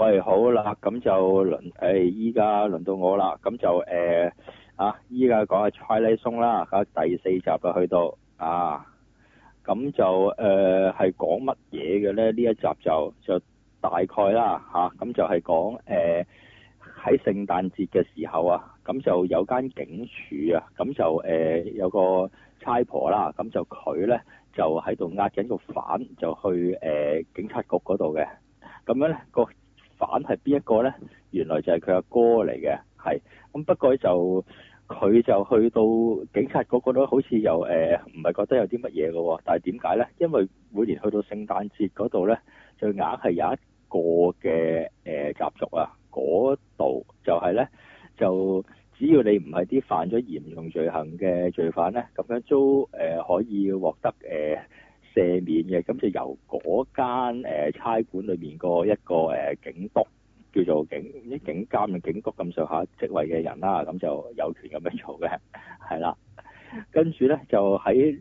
喂，好啦，咁就輪誒，依家輪到我啦。咁就誒啊，依家講下《Twilight Zone》啦，咁第四集就去到啊。咁就誒，係講乜嘢嘅咧？呢一集就就大概啦嚇。咁就係講誒喺聖誕節嘅時候啊，咁就有間警署啊，咁就誒有個差婆啦，咁就佢咧就喺度押緊個犯，就去誒警察局嗰度嘅。咁樣咧個。反係邊一個咧？原來就係佢阿哥嚟嘅，係咁，不過就佢就去到警察局都好似又誒唔係覺得有啲乜嘢嘅喎。但係點解咧？因為每年去到聖誕節嗰度咧，最硬係有一個嘅誒習俗啊，嗰度就係咧就只要你唔係啲犯咗嚴重罪行嘅罪犯咧，咁樣都誒可以獲得誒，借面嘅，咁就由嗰間差館裏面個一個誒、呃、警督叫做警，啲警監定警局咁上下職位嘅人啦、啊，咁就有權咁樣做嘅，係啦。跟住咧就喺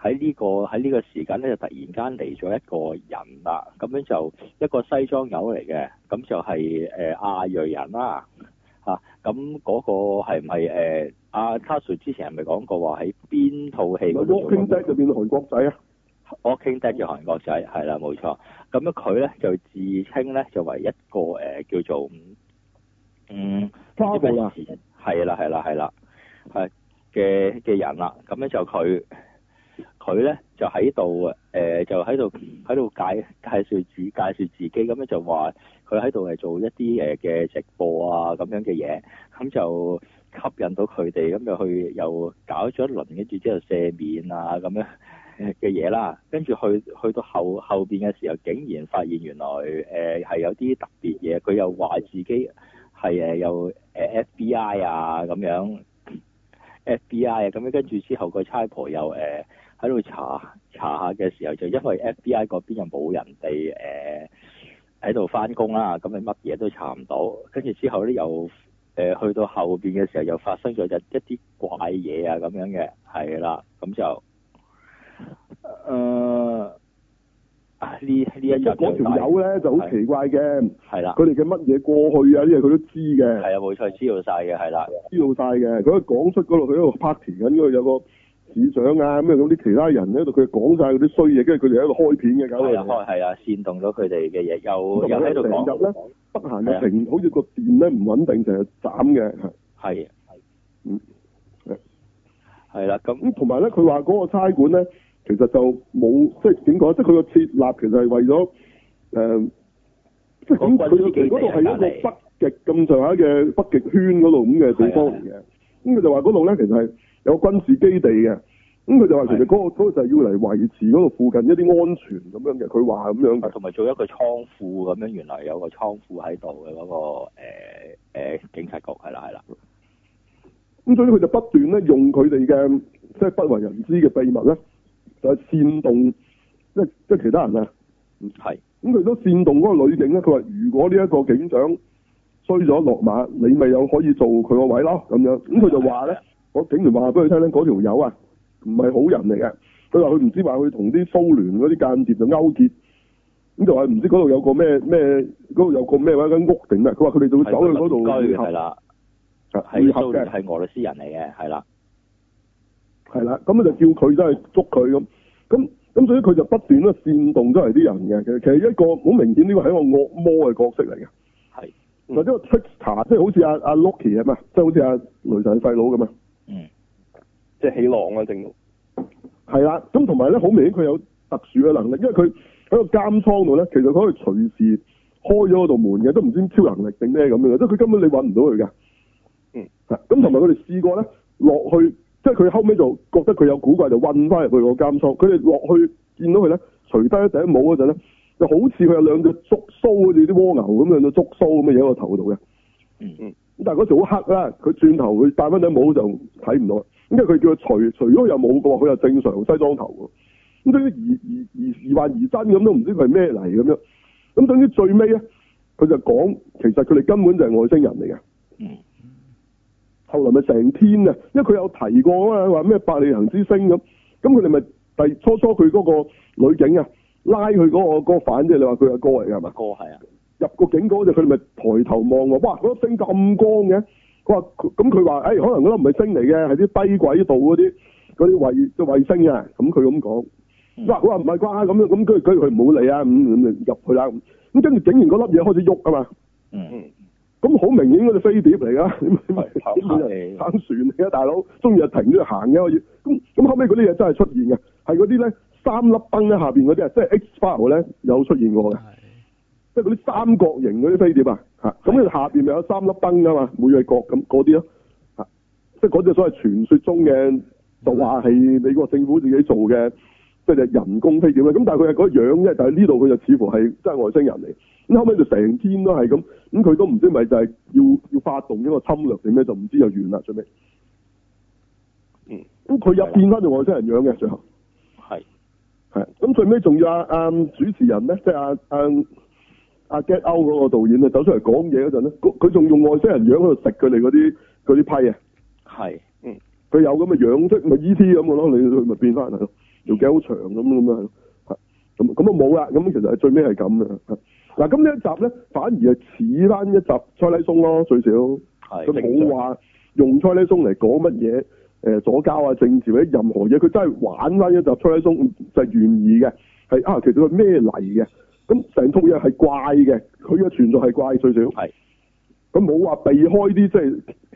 喺呢個喺呢個時間咧，就突然間嚟咗一個人啦、啊。咁樣就一個西裝友嚟嘅，咁就係、是、誒、呃、亞裔人啦、啊。嚇、啊，咁嗰個係咪誒阿 Tasuku 之前係咪講過話喺邊套戲嗰度做？兵就變韓國仔啊！我傾低住韓國仔，係啦，冇錯。咁咧，佢咧就自稱咧就為一個誒、呃、叫做嗯咩字，係、嗯、啦，係啦，係啦，係嘅嘅人啦。咁咧就佢佢咧就喺度誒，就喺度喺度介介紹自介紹自己。咁咧就話佢喺度係做一啲誒嘅直播啊咁樣嘅嘢，咁就吸引到佢哋，咁就去又搞咗一輪，跟住之後赦面啊咁樣。嘅嘢啦，跟住去去到後後邊嘅時候，竟然發現原來誒係、呃、有啲特別嘢，佢又話自己係誒有誒 FBI 啊咁樣 ，FBI 啊咁樣，跟住之後個差婆又誒喺度查查下嘅時候，就因為 FBI 嗰邊又冇人哋誒喺度返工啦，咁咪乜嘢都查唔到，跟住之後咧又誒、呃、去到後邊嘅時候，又發生咗一一啲怪嘢啊咁樣嘅，係啦，咁就。誒、呃，呢呢一集嗰條友咧就好奇怪嘅。係啦，佢哋嘅乜嘢過去啊，啲嘢佢都知嘅，係啊，冇錯，知道晒嘅，係啦，知道晒嘅，佢喺港式嗰度，佢喺度 party 緊，嗰度有個市長啊，咩咁啲其他人咧喺度，佢講晒嗰啲衰嘢，跟住佢哋喺度開片嘅，搞到開係啊，煽動咗佢哋嘅嘢，又又喺度講入啦，北韓嘅成好似個電咧唔穩定，成日斬嘅，係係，嗯，係啦，咁同埋咧，佢話嗰個差館咧。其實就冇即係點講，即係佢個設立其實係為咗誒，即係點？佢佢嗰度係一個北極咁上下嘅北極圈嗰度咁嘅地方嚟嘅。咁佢就話嗰度咧，其實係有軍事基地嘅。咁佢就話其實嗰個嗰個就係要嚟維持嗰度附近一啲安全咁樣嘅。佢話咁樣同埋做一個倉庫咁樣。原來有個倉庫喺度嘅嗰個誒、呃呃、警察局係啦係啦。咁所以佢就不斷咧用佢哋嘅即係不為人知嘅秘密咧。就係、是、煽動即即其他人啊，係咁佢都煽動嗰個女警咧。佢話如果呢一個警長衰咗落馬，你咪有可以做佢個位咯咁樣。咁、嗯、佢就話咧，我警員話俾佢聽咧，嗰條友啊唔係好人嚟嘅。佢話佢唔知話佢同啲蘇聯嗰啲間諜就勾結，咁就話唔知嗰度有個咩咩，度有個咩話間屋定咩？佢話佢哋就會走去嗰度會合，係啦，會合係俄羅斯人嚟嘅，係啦。係啦，咁就叫佢真係捉佢咁，咁咁所以佢就不斷咧煽動都係啲人嘅，其實其實一個好明顯呢個係一個惡魔嘅角色嚟嘅。係，嗱即係 trickster 即係好似阿阿 Loki 啊嘛，即係好似阿雷神細佬咁啊。嗯。即、就、係、是啊啊啊嗯就是、起浪啊，正路。係啦，咁同埋咧好明顯佢有特殊嘅能力，因為佢喺個監倉度咧，其實佢可以隨時開咗嗰度門嘅，都唔知超能力定咩咁樣，即係佢根本你搵唔到佢噶。嗯。咁同埋佢哋試過咧落去。即係佢後尾就覺得佢有古怪，就韞翻入去個監倉。佢哋落去見到佢咧，除低一頂帽嗰陣咧，就好似佢有兩隻觸須，好似啲蝸牛咁樣嘅觸須咁嘅嘢喺個頭度嘅。嗯嗯。咁但係嗰時好黑啦。佢轉頭佢戴翻頂帽就睇唔到。因為佢叫佢除除咗又冇嘅話，佢又正常西裝頭喎。咁等於疑疑疑疑幻疑真咁，都唔知佢係咩嚟咁樣。咁等於最尾咧，佢就講其實佢哋根本就係外星人嚟嘅。嗯。後來咪成天啊，因為佢有提過啊，話咩伯利恆之星咁，咁佢哋咪第初初佢嗰個女警啊拉佢嗰、那個哥反啫，你話佢係哥嚟嘅係嘛？哥係啊，入個警局嗰陣佢哋咪抬頭望，哇嗰粒、那個、星咁光嘅，佢話咁佢話，誒、欸、可能嗰粒唔係星嚟嘅，係啲低軌道嗰啲嗰啲衛衛星啊，咁佢咁講，哇佢話唔係啩，咁樣咁，跟住佢唔好理啊，咁咁入去啦，咁跟住整完嗰粒嘢開始喐啊嘛，嗯嗯。咁、嗯、好明顯嗰隻飛碟嚟噶，省 船嚟，省船嚟啊！大佬，中意啊停咗行嘅可以，咁咁後尾嗰啲嘢真係出現嘅，係嗰啲咧三粒燈咧下邊嗰啲啊，即係 X File 咧有出現過嘅，即係嗰啲三角形嗰啲飛碟啊，嚇！咁、嗯、你下邊咪有三粒燈噶嘛，每個角咁嗰啲咯，嚇！即係嗰隻所謂傳説中嘅，就話係美國政府自己做嘅。即係人工飛碟啦，咁但係佢嘅嗰樣，但就呢度佢就似乎係真係外星人嚟。咁後尾就成天都係咁，咁佢都唔知咪就係要要發動呢個侵略定咩，就唔知就完啦。最尾，咁佢又變翻做外星人樣嘅最後還，係、嗯、係，咁最尾仲要阿阿主持人咧，即係阿阿阿 Get Out 嗰個導演咧，走出嚟講嘢嗰陣咧，佢仲用外星人樣喺度食佢哋嗰啲啲批啊，係，佢、嗯、有咁嘅樣色咪、就是、E.T. 咁嘅咯，你佢咪變翻係咯。條幾好長咁咁啊，咁咁啊冇啦，咁其實係最尾係咁啊。嗱，咁呢一集咧反而係似翻一集《菜麗松》咯，最少。係。佢冇話用猜猜《菜麗松》嚟講乜嘢，誒，左膠啊、政治或者任何嘢，佢真係玩翻一集《菜麗松》就懸、是、疑嘅，係啊，其實佢咩嚟嘅？咁成套嘢係怪嘅，佢嘅存在係怪最少。係。佢冇話避開啲即係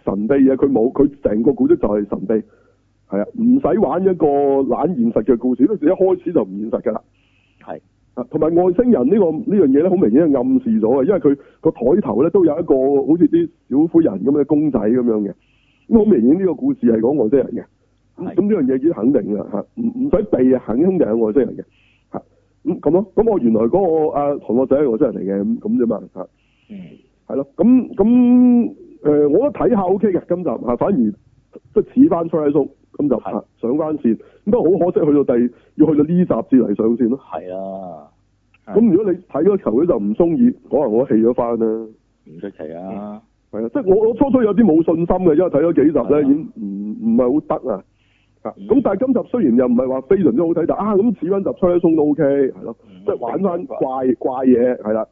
神秘嘢，佢冇，佢成個古蹟就係神秘。係啊，唔使玩一個懶現實嘅故事，嗰時一開始就唔現實噶啦。係啊，同埋外星人呢、這個呢樣嘢咧，好、這個、明顯暗示咗呀，因為佢個台頭咧都有一個好似啲小灰人咁嘅公仔咁樣嘅，咁好明顯呢個故事係講外星人嘅。咁呢樣嘢已經肯定啦，吓、啊，唔唔使避啊，肯定係係外星人嘅。吓、啊，咁咁咯，咁我原來嗰、那個同學、啊、仔係外星人嚟嘅，咁咁啫嘛，吓、啊。係咯、啊，咁咁誒，我睇下 O K 嘅，今集吓、啊，反而都似翻《穿咁就上上關線，咁、啊、但好可惜，去到第二要去到呢集至嚟上線咯。係啊，咁、啊、如果你睇咗球，你就唔中意，可能我棄咗翻啦。唔出奇啊，啊，即係我我初初有啲冇信心嘅，因為睇咗幾集咧，已經唔唔係好得啊。咁、啊、但係今集雖然又唔係話非常之好睇，但係啊，咁此番集出一鬆都 O K 咯，即係、啊啊、玩翻怪怪嘢啦。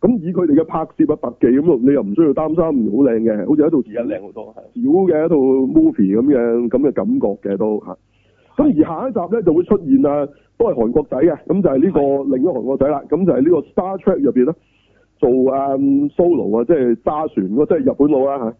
咁以佢哋嘅拍攝啊、特技咁你又唔需要擔心，好靚嘅，好似一套片靚好多，係。妖嘅一套 movie 咁樣咁嘅感覺嘅都嚇。咁而下一集咧就會出現啊，都係韓國仔嘅，咁就係呢個另一韓國仔啦，咁就係呢個 Star Trek 入面呢，做啊 Solo 啊，即係揸船，即係日本佬啊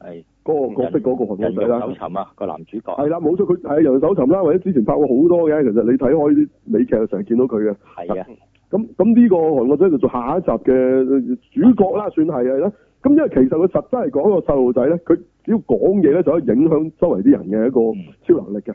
係。嗰個角色嗰個韓國仔啦。遊手尋、um, 那個、啊，個男主角。係啦，冇錯，佢係遊手尋啦，或者之前拍過好多嘅，其實你睇開啲美劇就成日見到佢嘅。係啊。咁咁呢個韓國仔就做下一集嘅主角啦，算係係啦。咁因為其實佢實質講講，個細路仔咧，佢只要講嘢咧，就以影響周圍啲人嘅一個超能力嘅，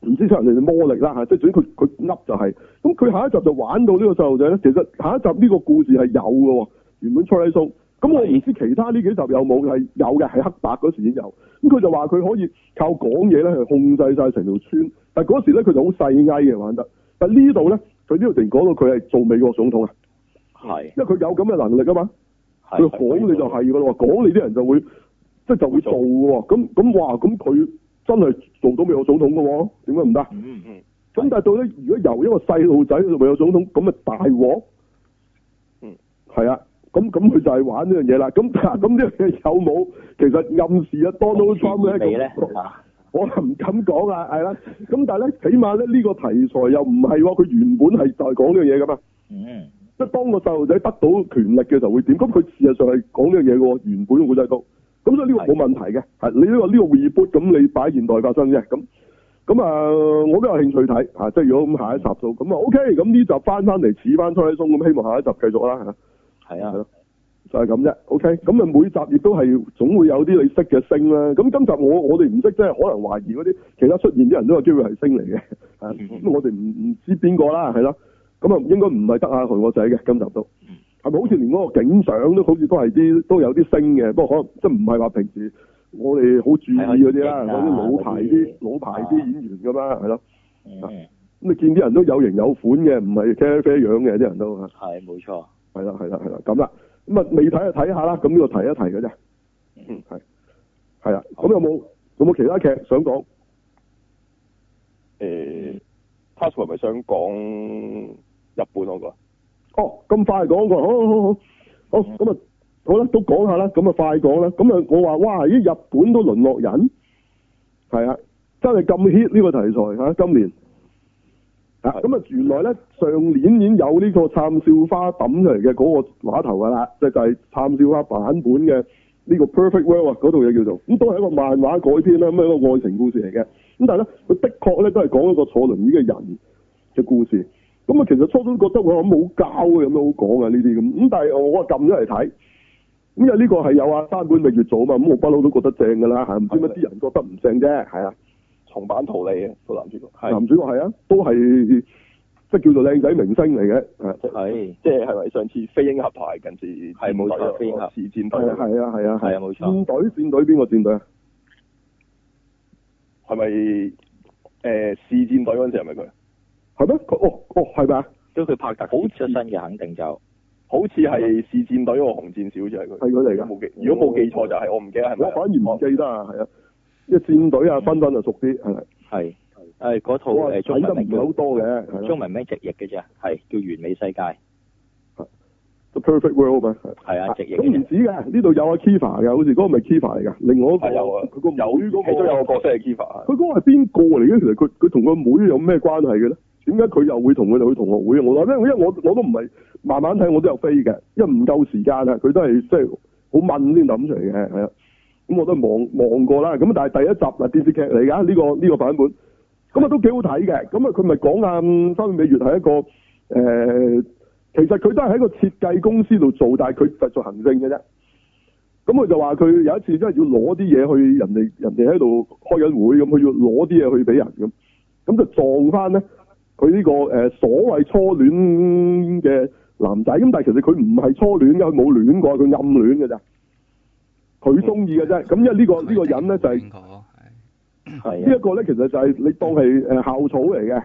唔、嗯、知出人哋嘅魔力啦即係主佢佢噏就係、是。咁佢下一集就玩到呢個細路仔咧。其實下一集呢個故事係有嘅喎，原本出《出嚟 a r 咁我唔知其他呢幾集有冇係有嘅，係黑白嗰時已有。咁佢就話佢可以靠講嘢咧去控制晒成條村。但嗰時咧佢就好細埃嘅玩得。但呢度咧。佢呢度突然講到佢係做美國總統啊，係，因為佢有咁嘅能力啊嘛，佢講你就係噶咯，話講你啲人就會，即係就會做嘅。咁咁哇，咁佢真係做到美國總統嘅喎，點解唔得？嗯嗯，咁但係到咧，如果由一個細路仔做美國總統，咁咪大鑊，嗯，係啊，咁咁佢就係玩呢樣嘢啦，咁咁呢樣嘢有冇其實暗示 Donald、那個、啊 Donald Trump 我唔敢講啊，係啦。咁但係咧，起碼咧呢個題材又唔係佢原本係就係講呢樣嘢噶嘛。嗯。即係當個細路仔得到權力嘅時候會點？咁佢事實上係講呢樣嘢嘅喎，原本會仔古仔都。咁所以呢個冇問題嘅。你呢個呢個 reboot，咁你擺現代發生啫。咁咁啊，我都有興趣睇。即係如果咁下一集做，咁、mm. 啊 OK 那。咁呢集翻翻嚟似翻《初一松咁，希望下一集繼續啦。係啊。就係咁啫，OK，咁啊每集亦都係總會有啲你識嘅星啦、啊。咁今集我我哋唔識，即係可能懷疑嗰啲其他出現啲人都有機會係星嚟嘅。啊、嗯，咁 我哋唔唔知邊個啦，係咯。咁啊應該唔係得阿韓國仔嘅今集都係咪？嗯、是是好似連嗰個景相都好似都係啲都有啲星嘅。不過可能即係唔係話平時我哋好注意嗰啲、啊、啦，嗰啲老牌啲老牌啲演員㗎嘛，係咯。咁你見啲人都有型有款嘅，唔係茄啡樣嘅啲人都係冇錯。係啦，係啦，係啦，咁啦。咁啊，未睇就睇下啦。咁呢個提一提嘅啫。嗯，係，係啦。咁有冇有冇、嗯、其他劇想講？誒，Patrick 係咪想講日本嗰、那個？哦，咁快講個，好，好，好，好，好、嗯，好。咁啊，好啦，都講下啦。咁啊，快講啦。咁啊，我話哇，咦日本都淪落人，係啊，真係咁 hit 呢個題材吓、啊，今年。咁、嗯、啊，原來咧上年已經有呢個，探個《就是就是、探少花》抌出嚟嘅嗰個話頭噶啦，即係就係《探少花》版本嘅呢個 Perfect World 嗰套嘢叫做，咁、嗯、都係一個漫畫改編啦，咩、嗯、一個愛情故事嚟嘅。咁、嗯、但係咧，佢的確咧都係講一個坐輪椅嘅人嘅故事。咁、嗯、啊、嗯，其實初初覺得好交好、嗯、我冇好搞啊，有咩好講啊？呢啲咁。咁但係我我撳咗嚟睇，咁因為呢個係有啊，三本未完咗啊嘛。咁、嗯、我不嬲都覺得正噶啦嚇，唔知乜啲人覺得唔正啫，係啊。重版逃離嘅個男主角，係男主角係啊，都係即係叫做靚仔明星嚟嘅，係即係係咪上次飛鷹合排近次，時，係冇錯，試戰隊係，係啊係啊係啊冇錯，戰隊戰隊邊個戰隊啊？係咪誒試戰隊嗰陣時係咪佢？係咩？佢哦哦係咪啊？即佢拍得好出身嘅，肯定就好似係試戰隊嗰個紅戰少少係佢，係佢嚟㗎。如果冇記錯就係、係哦、我唔記得係係我反而唔記得、哦、係啊，係啊。啲戰隊啊，分分就熟啲，係係係，嗰套誒，睇得唔係好多嘅，中文名直譯嘅啫，係叫完美世界，The Perfect World 啊，係係啊，直譯咁唔止嘅，呢度有阿 Kira 嘅，好似嗰個唔係 Kira 嚟嘅，另外一個有啊，佢、那個有嗰個都有個角色係 Kira，佢嗰個係邊個嚟嘅？其實佢佢同個妹有咩關係嘅咧？點解佢又會同佢哋去同學會啊？我話咩？因為我我都唔係慢慢睇，我都有飛嘅，因為唔夠時間啊，佢都係即係好問先諗出嚟嘅，係啊。咁我都望望過啦，咁但係第一集嗱電視劇嚟噶呢個呢、這個版本，咁啊都幾好睇嘅，咁啊佢咪講啊三美月係一個誒、呃，其實佢都係喺個設計公司度做，但係佢實做行政嘅啫。咁佢就話佢有一次真係要攞啲嘢去人哋人哋喺度開緊會，咁佢要攞啲嘢去俾人咁，咁就撞翻咧佢呢、這個誒、呃、所謂初戀嘅男仔，咁但係其實佢唔係初戀嘅，佢冇戀過，佢暗戀嘅咋。佢中意嘅啫，咁因為呢個呢個人咧就係呢一個咧，其實就係你當係誒校草嚟嘅，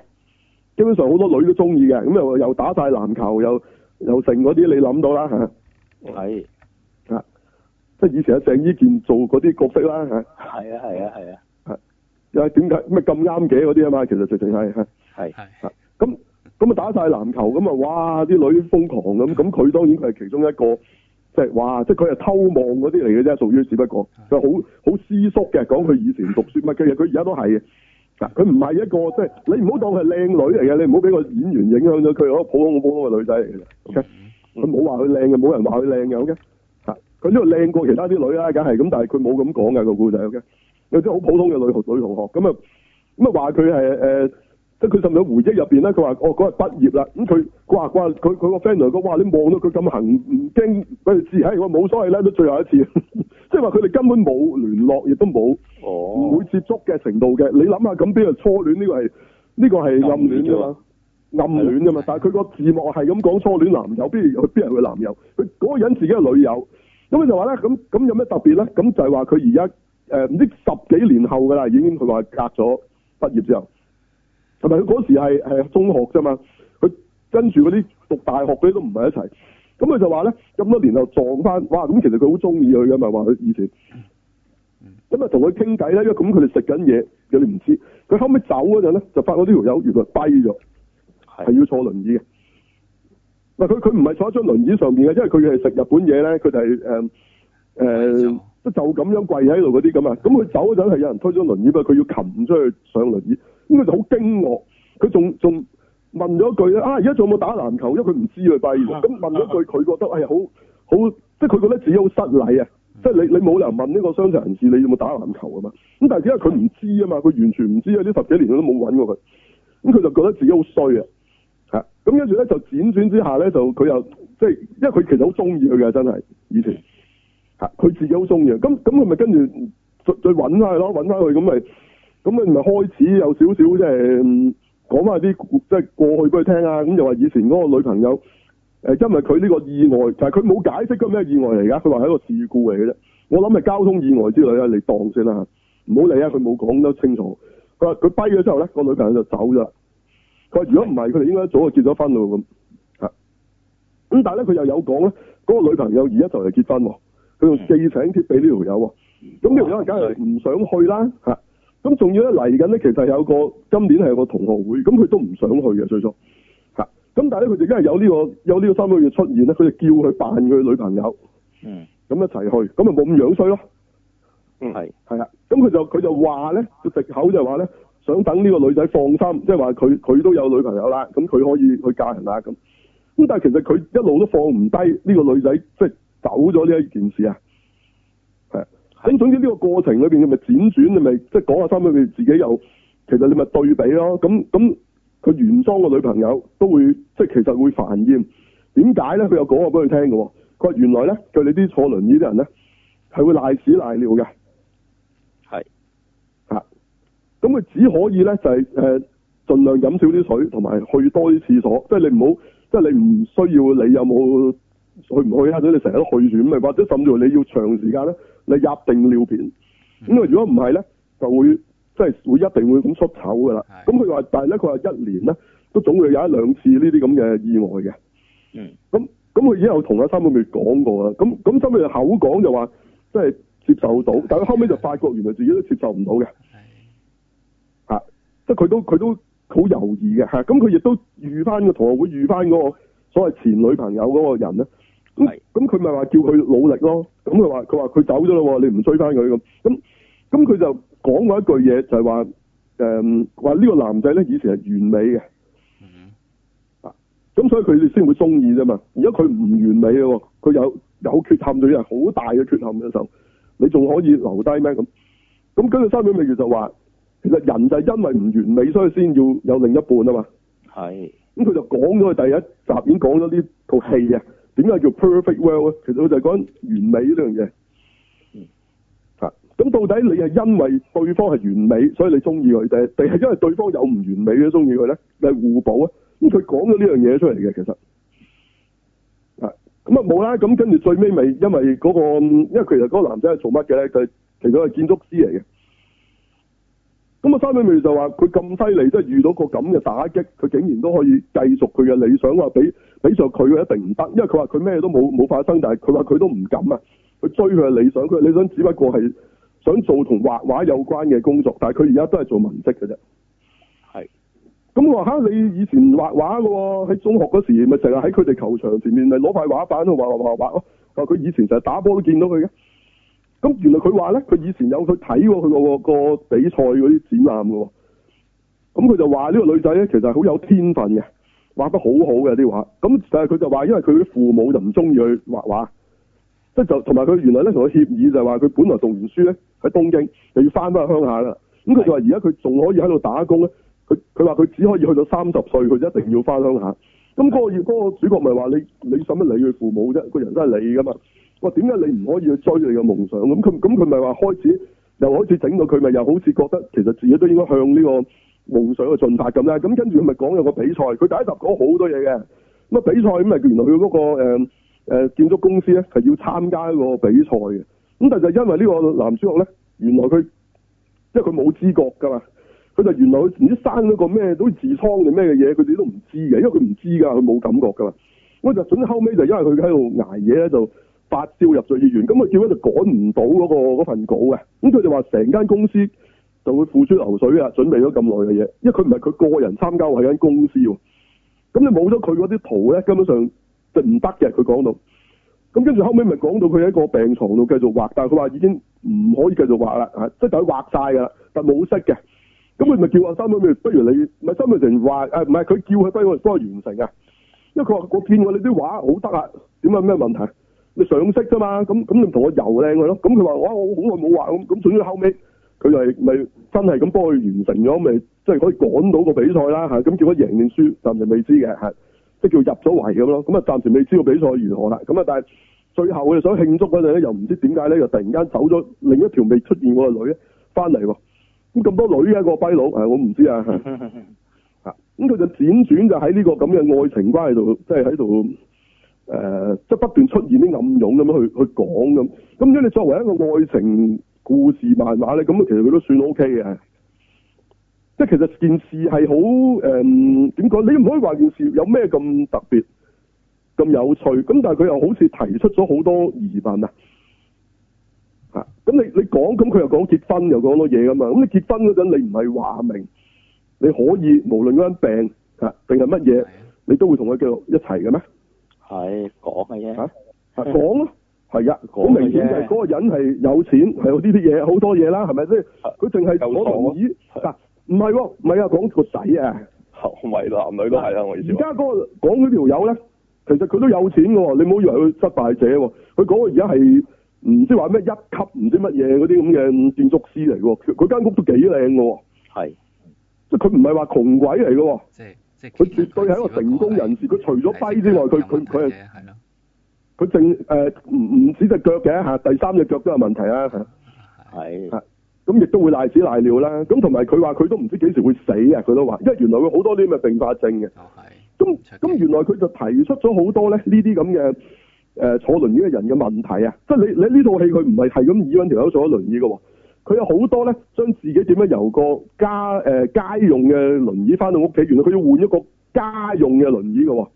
基本上好多女都中意嘅。咁又又打晒籃球，又又剩嗰啲，你諗到啦吓。係啊，即係以前阿鄭伊健做嗰啲角色啦吓。係啊係啊係啊。係啊？點解咩咁啱嘅嗰啲啊嘛？其實直情係吓。係係咁咁啊，啊打晒籃球，咁啊哇啲女瘋狂咁，咁佢當然佢係其中一個。即係話，即係佢係偷望嗰啲嚟嘅啫，屬於只不過佢好好私塾嘅。講佢以前讀書乜嘅嘢，佢而家都係啊！佢唔係一個，即係你唔好當佢係靚女嚟嘅，你唔好俾個演員影響咗佢咯。那個、普通普通嘅女仔嚟嘅，O K。佢冇話佢靚嘅，冇、嗯、人話佢靚樣嘅。嚇！佢呢係靚過其他啲女啦，梗係咁，但係佢冇咁講嘅個故仔嘅。有啲好普通嘅女女同學咁啊咁啊，話佢係誒。佢甚至回憶入邊咧，佢話哦嗰日畢業啦，咁佢佢話佢個佢個 friend 佢話，你望到佢咁行唔驚，佢哋知，唉我冇所謂咧，都最後一次，即係話佢哋根本冇聯絡，亦都冇唔會接觸嘅程度嘅、哦。你諗下咁邊係初戀呢、這個係呢、這個係暗戀噶嘛？暗戀噶嘛？但係佢個字幕係咁講初戀男友，邊有邊係佢男友？佢嗰個人自己係女友，咁就話咧咁咁有咩特別咧？咁就係話佢而家誒唔知十幾年後噶啦，已經佢話隔咗畢業之後。但係嗰時係係中學啫嘛，佢跟住嗰啲讀大學嗰啲都唔係一齊，咁佢就話咧咁多年後撞返，哇！咁其實佢好中意佢嘅嘛。話佢以前，咁啊同佢傾偈咧，因為咁佢哋食緊嘢，佢哋唔知，佢後尾走嗰陣咧，就發覺呢條友原來跛咗，係要坐輪椅嘅。唔係佢佢唔係坐喺張輪椅上邊嘅，因為佢係食日本嘢咧，佢就係誒誒即就咁樣跪喺度嗰啲咁啊。咁佢走嗰陣係有人推咗輪椅，佢要擒出去上輪椅。咁佢就好驚愕，佢仲仲問咗一句啊！而家仲有冇打籃球？因為佢唔知啊，弟、啊。咁問咗句，佢覺得哎好好，即係佢覺得自己好失禮啊！即、嗯、係、就是、你你冇理由問呢個傷殘人士你有冇打籃球啊嘛？咁但係點解佢唔知啊嘛，佢完全唔知啊！啲十幾年佢都冇揾過佢，咁佢就覺得自己好衰啊！嚇咁跟住咧就輾轉之下咧，就佢又即係因為佢其實好中意佢嘅真係以前嚇，佢自己好中意，咁咁佢咪跟住再再揾返佢咯，揾返佢咁咪。咁佢唔係開始有少少即係講翻啲即係過去俾佢聽啊。咁又話以前嗰個女朋友誒，因為佢呢個意外，就係佢冇解釋嘅咩意外嚟噶。佢話係一個事故嚟嘅啫。我諗係交通意外之類呀，你先當先啦，唔好理啊！佢冇講得清楚。佢話佢跛咗之後咧，女那個女朋友就走咗啦。佢話如果唔係，佢哋應該一早就結咗婚咯。咁咁，但係咧，佢又有講咧，嗰個女朋友而家就嚟結婚，佢用寄請帖俾呢條友。咁呢條友梗係唔想去啦咁仲要咧嚟緊咧，其實有個今年係有個同學會，咁佢都唔想去嘅最初，嚇、這個。咁但係咧，佢而家係有呢個有呢個三個月出現咧，佢就叫佢扮佢女朋友，嗯，咁一齊去，咁咪冇咁樣衰咯。嗯，係係啊。咁佢就佢就話咧，個藉口就係話咧，想等呢個女仔放心，即係話佢佢都有女朋友啦，咁佢可以去嫁人啦咁。咁但係其實佢一路都放唔低呢個女仔即係走咗呢一件事啊。總之呢個過程裏邊，你咪輾轉，你咪即係講下三句，佢自己又其實你咪對比咯。咁咁，佢原裝個女朋友都會，即係其實會煩厭。點解咧？佢又講話俾佢聽嘅。佢話原來咧，佢哋啲坐輪椅啲人咧，係會賴屎賴尿嘅。係吓，咁佢只可以咧就係、是、誒，盡量飲少啲水，同埋去多啲廁所。即、就、係、是、你唔好，即、就、係、是、你唔需要，你有冇去唔去啊？或者你成日都去住咁，或者甚至乎你要長時間咧。你入定尿片，咁、嗯、啊如果唔係咧，就會即係會一定會咁出醜噶啦。咁佢話，但係咧佢話一年咧都總會有一兩次呢啲咁嘅意外嘅。嗯。咁咁佢已經有同阿三妹月講過啦。咁咁三個，三個口就口講就話即係接受到，但係後尾就發覺原來自己都接受唔到嘅。係。即係佢都佢都好猶豫嘅。嚇！咁佢亦都遇翻個同學會遇翻嗰個所謂前女朋友嗰個人咧。咁佢咪話叫佢努力咯？咁佢話佢話佢走咗咯，你唔追翻佢咁？咁咁佢就講過一句嘢，就係話誒，話、呃、呢個男仔咧以前係完美嘅。咁、嗯啊、所以佢哋先會中意啫嘛。而家佢唔完美喎，佢有有缺陷，對人好大嘅缺陷嘅時候，你仲可以留低咩？咁咁跟住三秒未完就話，其實人就係因為唔完美，所以先要有另一半啊嘛。係。咁、嗯、佢就講咗佢第一集已經講咗呢套戲啊。點解叫 perfect world 咧？其實佢就講完美呢樣嘢。咁、嗯啊、到底你係因為對方係完美，所以你中意佢，定係定係因為對方有唔完美嘅中意佢咧？定係互補呢？咁佢講咗呢樣嘢出嚟嘅，其實咁啊冇啦。咁跟住最尾咪、就是、因為嗰、那個，因為其實嗰個男仔係做乜嘅咧？佢其實係建築師嚟嘅。咁啊，三女咪就話佢咁犀利，都係遇到個咁嘅打擊，佢竟然都可以繼續佢嘅理想，話俾。比上佢嘅一定唔得，因為佢話佢咩都冇冇發生，但係佢話佢都唔敢啊，去追佢嘅理想。佢理想只不過係想做同畫畫有關嘅工作，但係佢而家都係做文職嘅啫。係。咁我話吓，你以前畫畫嘅喎，喺中學嗰時咪成日喺佢哋球場前面咪攞塊畫板度畫畫畫畫咯。話佢以前成日打波都見到佢嘅。咁原來佢話咧，佢以前有去睇過佢個個比賽嗰啲展覽嘅。咁佢就話呢個女仔咧，其實係好有天分嘅。畫得好好嘅啲畫，咁但係佢就話，因為佢嘅父母就唔中意去畫畫，即係就同埋佢原來咧同佢協議就話，佢本來讀完書咧喺東京就要翻翻去鄉下啦。咁佢就話而家佢仲可以喺度打工咧，佢佢話佢只可以去到三十歲，佢一定要翻鄉下。咁嗰個嗰個主角咪話你你使乜理佢父母啫？個人都係你噶嘛？我點解你唔可以去追你嘅夢想？咁佢咁佢咪話開始又開始整到佢咪又好似覺得其實自己都應該向呢個。.夢想嘅進發咁啦，咁跟住佢咪講有個比賽，佢第一集講好多嘢嘅。咁啊比賽咁啊，原來佢嗰個誒誒建築公司咧係要參加呢個比賽嘅。咁但係就因為呢個男主角咧，原來佢即係佢冇知覺噶嘛，佢就原來佢唔知生咗個咩都痔瘡定咩嘅嘢，佢哋都唔知嘅，因為佢唔知噶，佢冇感覺噶嘛。咁就準後尾就因為佢喺度挨夜咧，就發燒入咗醫院，咁佢結果就趕唔到嗰個份稿嘅。咁佢就話成間公司。就會付諸流水啊！準備咗咁耐嘅嘢，因為佢唔係佢個人參加，係間公司喎。咁你冇咗佢嗰啲圖咧，根本上就唔得嘅。佢講到，咁跟住後尾咪講到佢喺一個病床度繼續畫，但係佢話已經唔可以繼續畫啦，嚇，即係等係畫晒㗎啦，但係冇識嘅。咁佢咪叫阿三妹，不如你咪三妹成畫，誒唔係佢叫佢幫我幫我完成啊。因為佢話我見過你啲畫好得啊，點解咩問題？你上色啫嘛，咁咁唔同我油靚佢咯。咁佢話我我好耐冇畫咁咁，仲要後尾。佢就咪真係咁幫佢完成咗，咪即係可以趕到個比賽啦，吓，咁結果贏定輸，暫時未知嘅，吓即係叫入咗圍咁咯。咁啊暫時未知個比賽如何啦。咁啊但係最後佢想慶祝嗰陣咧，又唔知點解咧，又突然間走咗另一條未出現過個女翻嚟喎。咁咁多女嘅，個跛佬，誒，我唔知啊。吓，咁佢就輾轉就喺呢個咁嘅愛情關係度，即係喺度誒，即、呃、係不斷出現啲暗湧咁去去講咁。咁樣你作為一個愛情。故事漫畫咧，咁其實佢都算 OK 嘅。即係其實件事係好誒，點、嗯、講？你唔可以話件事有咩咁特別、咁有趣。咁但係佢又好似提出咗好多疑問啊。吓，咁你你講，咁佢又講結婚又講多嘢噶嘛？咁你結婚嗰陣，你唔係話明你可以無論嗰陣病吓定係乜嘢，你都會同佢繼續一齊嘅咩？係講嘅啫，講咯。 啊係有啊，好明顯就係嗰個人係有錢，係有呢啲嘢、好多嘢啦，係咪先？佢淨係攞銀紙，但唔係，唔係啊，講個仔啊，唔、哦、係男女都係啦，啊，我意思是。而家嗰個講條友咧，其實佢都有錢嘅，你唔好以為佢失敗者。佢嗰個而家係唔知話咩一級唔知乜嘢嗰啲咁嘅建築師嚟嘅，佢佢間屋都幾靚嘅。係，即係佢唔係話窮鬼嚟嘅，佢、就是就是、絕對係一個成功人士。佢、那個、除咗跛之外，佢佢佢係。佢正誒唔唔止隻腳嘅嚇、啊，第三隻腳都有問題啦。係、啊、咁，亦、啊、都會瀨屎瀨尿啦。咁同埋佢話佢都唔知幾時會死啊！佢都話，因為原來佢好多啲咁嘅併發症嘅。咁咁原來佢就提出咗好多咧呢啲咁嘅誒坐輪椅嘅人嘅問題啊！即、就、係、是、你你呢套戲佢唔係係咁倚緊條友坐喺輪椅嘅，佢有好多咧將自己點樣由個家誒、呃、家用嘅輪椅返到屋企，原來佢要換一個家用嘅輪椅嘅，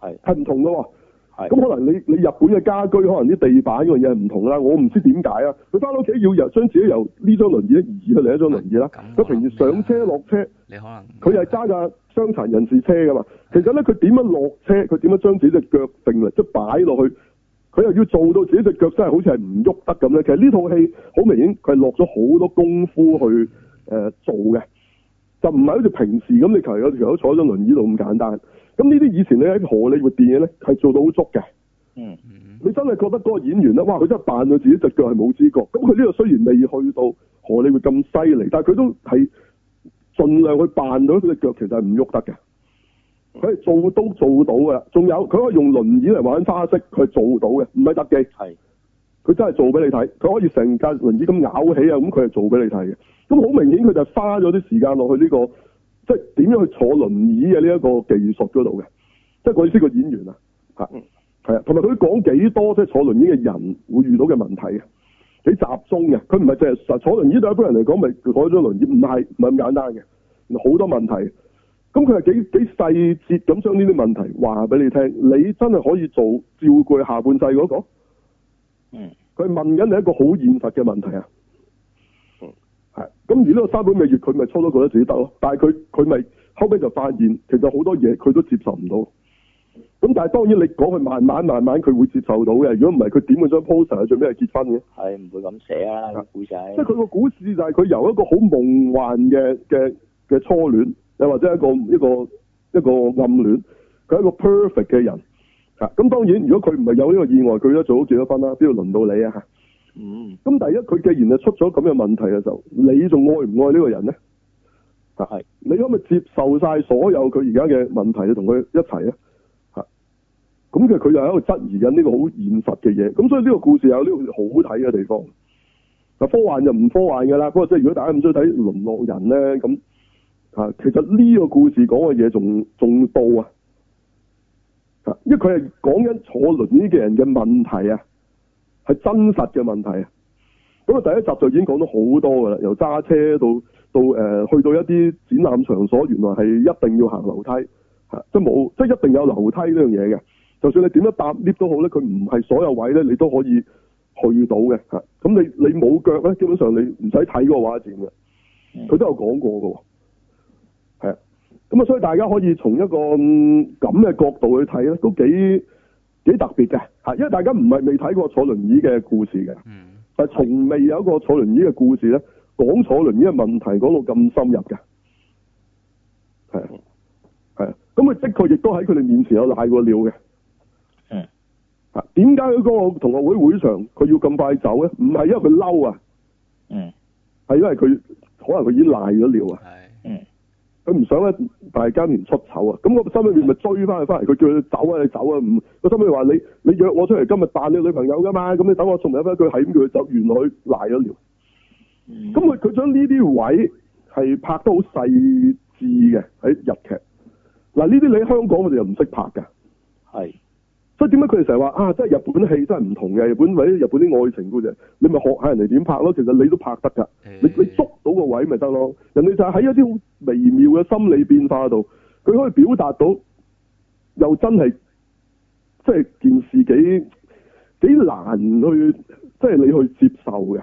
係係唔同嘅。咁、嗯、可能你你日本嘅家居可能啲地板嗰樣嘢，係唔同啦，我唔知點解啊！佢翻屋企要由將自己由呢張輪椅移去另一張輪椅啦。佢平時上車落車，你可能佢又係揸架傷殘人士車噶嘛？其實咧，佢點樣落車？佢點樣將自己隻腳定嚟，即係擺落去？佢又要做到自己隻腳真係好似係唔喐得咁咧？其實呢套戲好明顯，佢係落咗好多功夫去誒、呃、做嘅，就唔係好似平時咁，你求其有條友坐咗張輪椅度咁簡單。咁呢啲以前你喺荷里活電影咧係做到好足嘅，嗯，你真係覺得嗰個演員咧，哇，佢真係扮到自己隻腳係冇知覺，咁佢呢個雖然未去到荷里活咁犀利，但佢都係盡量去扮到佢隻腳其實係唔喐得嘅，佢係做都做到嘅。仲有佢可以用輪椅嚟玩花式，佢係做到嘅，唔係特技，係佢真係做俾你睇，佢可以成架輪椅咁咬起啊，咁佢係做俾你睇嘅。咁好明顯佢就花咗啲時間落去呢個。即係點樣去坐輪椅嘅呢一個技術嗰度嘅，即係佢意思個演員啊，嚇，係啊，同埋佢講幾多即係坐輪椅嘅人會遇到嘅問題啊，幾集中嘅，佢唔係淨係坐坐輪椅對一般人嚟講咪改咗輪椅，唔係唔係咁簡單嘅。好多問題，咁佢係幾幾細節咁將呢啲問題話俾你聽，你真係可以做照顧下半世嗰個，嗯，佢問緊你一個好現實嘅問題啊。係，咁而呢個三本未完，佢咪初初覺得自己得咯，但係佢佢咪後尾就發現，其實好多嘢佢都接受唔到。咁、嗯、但係當然你講佢慢慢慢慢，佢會接受到嘅。如果唔係，佢點會將 post 啊？最尾係結婚嘅。係唔會咁寫啊，故仔、這個。即係佢個故事就係佢由一個好夢幻嘅嘅嘅初戀，又或者一個一個一個，一個暗戀，佢係一個 perfect 嘅人。吓咁當然，如果佢唔係有呢個意外，佢都好結咗婚啦。邊度輪到你啊？嗯，咁第一，佢既然係出咗咁樣問題嘅時候，你仲愛唔愛呢個人咧？啊係，你可唔可以接受晒所有佢而家嘅問題，同佢一齊啊？吓，咁其實佢又喺度個質疑緊呢個好現實嘅嘢，咁所以呢個故事有呢個好好睇嘅地方。啊，科幻就唔科幻噶啦，不過即係如果大家唔中意睇《淪落人》咧，咁啊，其實呢個故事講嘅嘢仲仲多啊，啊，因為佢係講緊坐輪椅嘅人嘅問題啊。係真實嘅問題啊！咁啊，第一集就已經講咗好多噶啦，由揸車到到誒、呃，去到一啲展覽場所，原來係一定要行樓梯嚇，即係冇，即係一定有樓梯呢樣嘢嘅。就算你點樣搭 lift 都好咧，佢唔係所有位咧，你都可以去到嘅嚇。咁你你冇腳咧，基本上你唔使睇個畫展嘅，佢都有講過嘅喎。係啊，咁啊，所以大家可以從一個咁嘅角度去睇咧，都幾～幾特別嘅，吓，因為大家唔係未睇過坐輪椅嘅故事嘅，嗯，係從未有一個坐輪椅嘅故事咧，講坐輪椅嘅問題講到咁深入嘅。係，係，咁佢的確亦都喺佢哋面前有瀨過尿嘅，嗯，吓，點解佢嗰個同學會會場佢要咁快走咧？唔係因為佢嬲啊，嗯，係因為佢可能佢已經瀨咗尿啊。嗯佢唔想咧，大家唔出醜啊！咁我心裏面咪追翻佢翻嚟，佢叫你走啊，你走啊！唔，我心裏話你，你約我出嚟今日扮你女朋友噶嘛，咁你等我送埋俾佢，係咁叫佢走，原來佢賴咗尿。咁佢佢將呢啲位係拍得好細緻嘅喺日劇。嗱，呢啲你喺香港我哋又唔識拍嘅。係。所以點解佢哋成日話啊？真係日本戲真係唔同嘅，日本或者日本啲愛情嗰隻，你咪學下人哋點拍咯。其實你都拍得噶，你你捉到個位咪得咯。人哋就係喺一啲微妙嘅心理變化度，佢可以表達到又真係即係件事幾幾難去，即係你去接受嘅。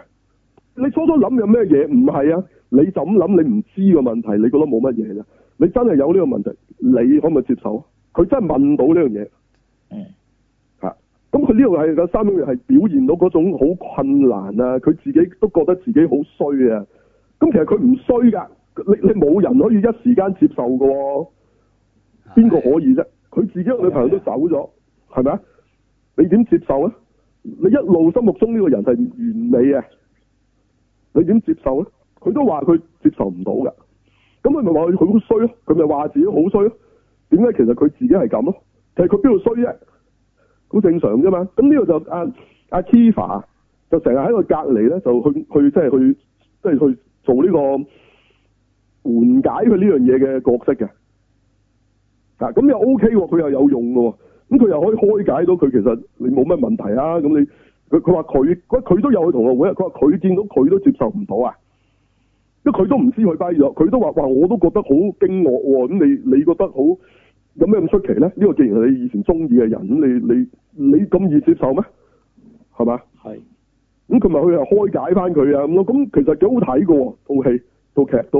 你初初諗有咩嘢唔係啊？你就咁諗，你唔知個問題，你覺得冇乜嘢啦。你真係有呢個問題，你可唔可以接受啊？佢真係問到呢樣嘢。嗯。咁佢呢度係三個月係表現到嗰種好困難啊！佢自己都覺得自己好衰啊！咁其實佢唔衰噶，你你冇人可以一時間接受噶，哦，邊個可以啫？佢自己個女朋友都走咗，係咪啊？你點接受咧？你一路心目中呢個人係完美啊，你點接受咧？佢都話佢接受唔到噶，咁佢咪話佢好衰咯？佢咪話自己好衰咯？點解其實佢自己係咁咯？係佢邊度衰啫？好正常啫嘛，咁呢個就阿阿 Kiva 就成日喺個隔籬咧，就是，去去即係去即係去做呢個緩解佢呢樣嘢嘅角色嘅，啊咁又 OK 喎，佢又有用噶，咁佢又可以開解到佢，其實你冇乜問題啊，咁你佢佢話佢佢都有去同學會，佢話佢見到佢都接受唔到啊，即佢都唔知佢跛咗，佢都話話我都覺得好驚愕喎，咁你你覺得好？有咩咁出奇咧？呢個既然係你以前中意嘅人，咁你你你咁易接受咩？係嘛？係。咁佢咪去開解翻佢啊？咁咯，咁其實幾好睇嘅喎，套戲套劇都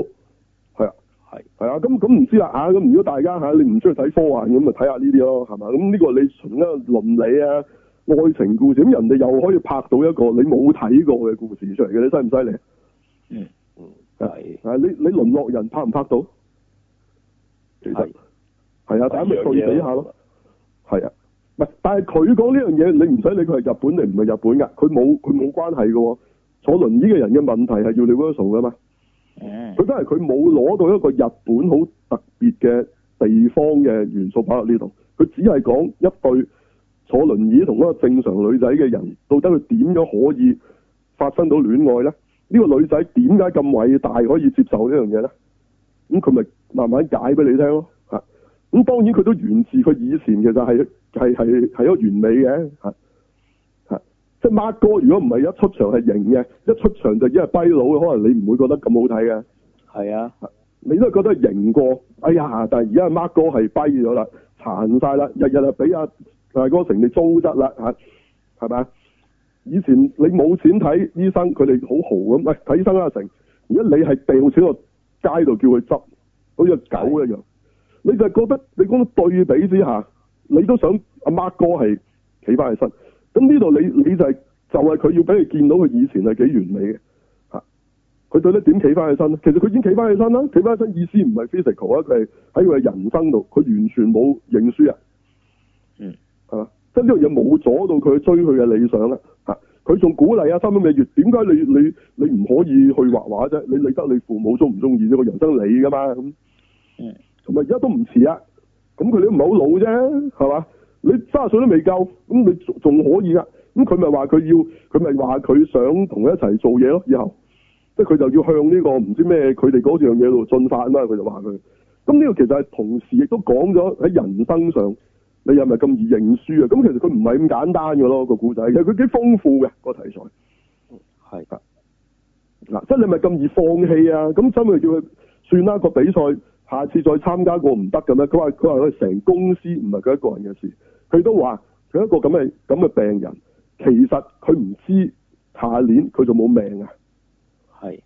係啊。係。係啊，咁咁唔知啦吓。咁如果大家吓你唔中意睇科幻，咁咪睇下呢啲咯，係嘛？咁呢個你純啊倫理啊愛情故事，咁人哋又可以拍到一個你冇睇過嘅故事出嚟嘅，你犀唔犀利？嗯嗯係你你淪落人拍唔拍到？其實。係。係啊，打埋碎死下咯。係啊，唔係，但係佢講呢樣嘢，你唔使理佢係日本定唔係日本噶。佢冇佢冇關係噶、哦。坐輪椅嘅人嘅問題係要你 i v e r s a l 噶嘛。佢真係佢冇攞到一個日本好特別嘅地方嘅元素擺喺呢度。佢只係講一對坐輪椅同一個正常女仔嘅人，到底佢點樣可以發生到戀愛咧？呢、這個女仔點解咁偉大可以接受這件事呢樣嘢咧？咁佢咪慢慢解俾你聽咯。咁當然佢都源自佢以前其實係係係係一個完美嘅嚇嚇，即係 Mark 哥如果唔係一出場係型嘅，一出場就已經係跛佬，可能你唔會覺得咁好睇嘅。係啊，你都係覺得型過，哎呀！但係而家 Mark 哥係跛咗啦，殘曬啦，日日啊俾阿大哥成你租得啦，係咪？以前你冇錢睇醫生，佢哋好豪咁喂睇醫生阿、啊、成。而家你係掉錢個街度叫佢執，好似狗一樣。你就覺得你講到對比之下，你都想阿孖哥係企翻起身，咁呢度你你就係、是、就係、是、佢要俾你見到佢以前係幾完美嘅，吓佢到底點企翻起身咧？其實佢已經企翻起身啦，企翻起身意思唔係 physical、嗯、啊，佢係喺佢嘅人生度，佢完全冇認輸啊，嗯，啊，即係呢樣嘢冇阻到佢追佢嘅理想啦，吓佢仲鼓勵啊，三五個月，點解你你你唔可以去畫畫啫？你理得你父母中唔中意呢個人生你噶嘛咁，嗯。同埋而家都唔遲啊！咁佢都唔係好老啫，係嘛？你卅歲都未夠，咁你仲仲可以啊？咁佢咪話佢要，佢咪話佢想同佢一齊做嘢咯？以後，即係佢就要向呢個唔知咩佢哋嗰樣嘢度進發啦。佢就話佢，咁呢個其實係同時亦都講咗喺人生上，你又咪咁易認輸啊？咁其實佢唔係咁簡單嘅咯，個故仔其實佢幾豐富嘅個題材，係噶嗱，即係、就是、你咪咁易放棄啊！咁真係叫佢算啦，個比賽。下次再參加過唔得嘅咩？佢話，佢話佢成公司唔係佢一個人嘅事。佢都話佢一個咁嘅咁嘅病人，其實佢唔知下年佢就冇命啊他。係，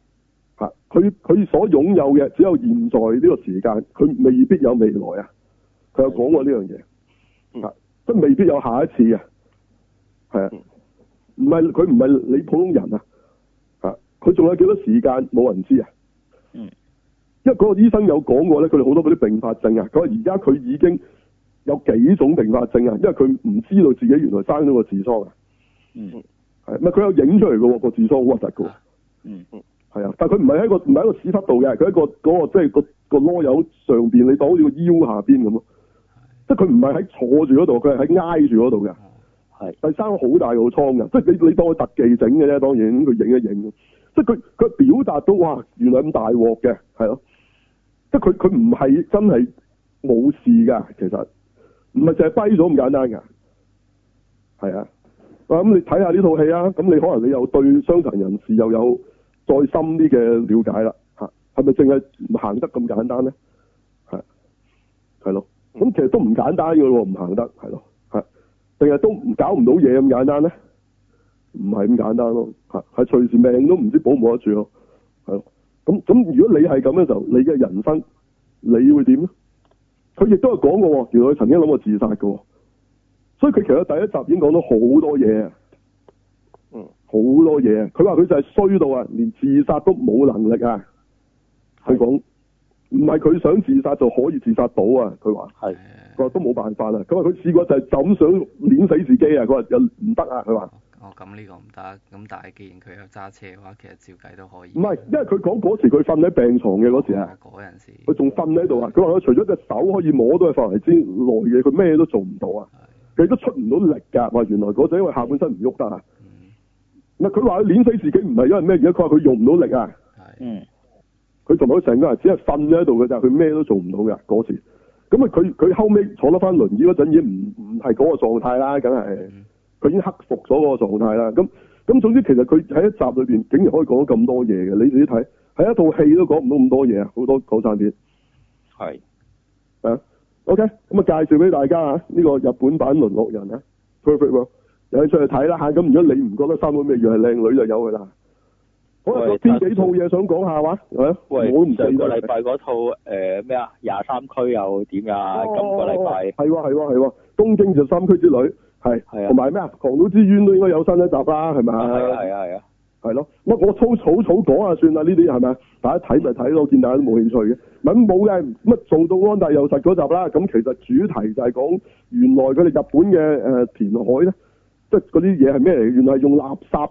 吓，佢佢所擁有嘅只有現在呢個時間，佢未必有未來啊。佢有講過呢樣嘢，吓，都未必有下一次啊。係啊，唔係佢唔係你普通人啊，吓，佢仲有幾多時間冇人知啊？因為嗰個醫生有講過咧，佢哋好多嗰啲併發症啊。佢話而家佢已經有幾種併發症啊。因為佢唔知道自己原來生咗個痔瘡啊。嗯，係佢有影出嚟嘅、個痔瘡好核突嘅。嗯嗯，係啊，但係佢唔係喺個唔喺個屎忽度嘅，佢喺個嗰個即係個個囉柚上邊，你當好似個腰下邊咁咯。即係佢唔係喺坐住嗰度，佢係喺挨住嗰度嘅。係，但係生好大個瘡嘅，即係你你當佢特技整嘅咧，當然佢影一影。即係佢佢表達到哇，原來咁大鑊嘅，係咯。即佢佢唔係真係冇事噶，其實唔係淨係跛咗咁簡單噶，係啊。喂咁你睇下呢套戲啊，咁你可能你又對傷殘人士又有再深啲嘅了解啦，吓係咪淨係行得咁簡單咧？係係咯，咁其實都唔簡單嘅喎，唔行得係咯，吓定係唔搞唔到嘢咁簡單咧，唔係咁簡單咯，吓係隨時命都唔知保唔保得住咯，係。咁咁，如果你係咁咧，就你嘅人生，你會點咧？佢亦都係講過喎，原來佢曾經諗過自殺喎。所以佢其實第一集已經講咗好多嘢，嗯，好多嘢。佢話佢就係衰到啊，連自殺都冇能力啊。佢講唔係佢想自殺就可以自殺到啊？佢話係，佢話都冇辦法啦。佢話佢試過就係就咁想碾死自己啊！佢話又唔得啊！佢話。哦，咁呢個唔得，咁但係既然佢有揸車嘅話，其實照計都可以。唔係，因為佢講嗰時佢瞓喺病床嘅嗰時啊，嗰陣時佢仲瞓喺度啊。佢話佢除咗隻手可以摸到嘅範圍之內嘅，佢咩都做唔到啊，佢都出唔到力噶。話原來嗰陣因為下半身唔喐得啊。嗱、嗯，佢話佢碾死自己唔係因為咩？而家佢話佢用唔到力啊。係。佢同埋佢成個人只係瞓咗喺度嘅啫，佢咩都做唔到嘅嗰時。咁啊，佢佢後屘坐得翻輪椅嗰陣已經唔唔係嗰個狀態啦，梗係。嗯佢已經克服咗個狀態啦，咁咁總之其實佢喺一集裏面竟然可以講咁多嘢嘅，你自己睇，喺一套戲都講唔到咁多嘢啊，好多講散啲。係。啊、yeah，OK，咁啊介紹俾大家啊，呢、這個日本版《淪落人》啊，Perfect 喎，有興趣睇啦。咁如果你唔覺得三個咩兒係靚女就有㗎啦。可能有邊幾套嘢想講下哇？喂，啊。我唔記得禮拜嗰套誒咩啊？廿、呃、三區又點㗎、哦？今個禮拜。係喎係喎係喎，東京廿三區之女。係，係同埋咩啊？狂賭之淵都應該有新一集啦，係咪啊？係啊，係啊，係啊，係咯、啊。乜我粗草草講下算啦，呢啲係咪？大家睇咪睇咯，見大家都冇興趣嘅。咁冇嘅，乜《做到安大又實》嗰集啦。咁其實主題就係講原來佢哋日本嘅誒填海咧，即係嗰啲嘢係咩嚟？原來係、呃、用垃圾誒